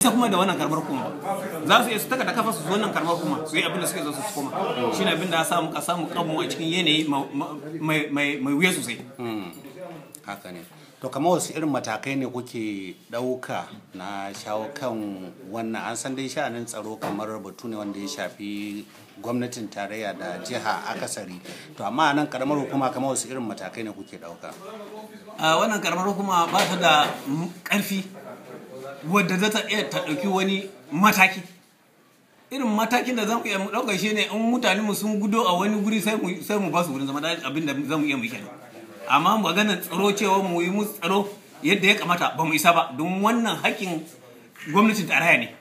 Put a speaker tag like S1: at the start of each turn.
S1: ita kuma da wannan karbar kuma za su iya su taka da kafa su wannan karbar kuma su yi abin da suke zo su koma shi ne abin da ya samu ka samu kanmu a cikin yanayi
S2: mai wuya sosai hmm. haka ne to kamar wasu irin matakai ne kuke ɗauka na shawo kan wannan an san dai sha'anin tsaro kamar batu ne wanda ya shafi gwamnatin tarayya da jiha akasari to amma nan karamar hukuma kamar wasu irin matakai ne kuke ɗauka
S1: wannan karamar hukuma ba ta da ƙarfi wadda za ta iya ta ɗauki wani mataki irin matakin da za mu iya ɗauka shi ne in mutane mu sun gudo a wani guri sai mu ba su wurin zama abin da za mu iya muke amma amma maganar tsaro cewa mu yi mu tsaro yadda ya kamata ba mu isa ba don wannan hakkin gwamnatin tarayya ne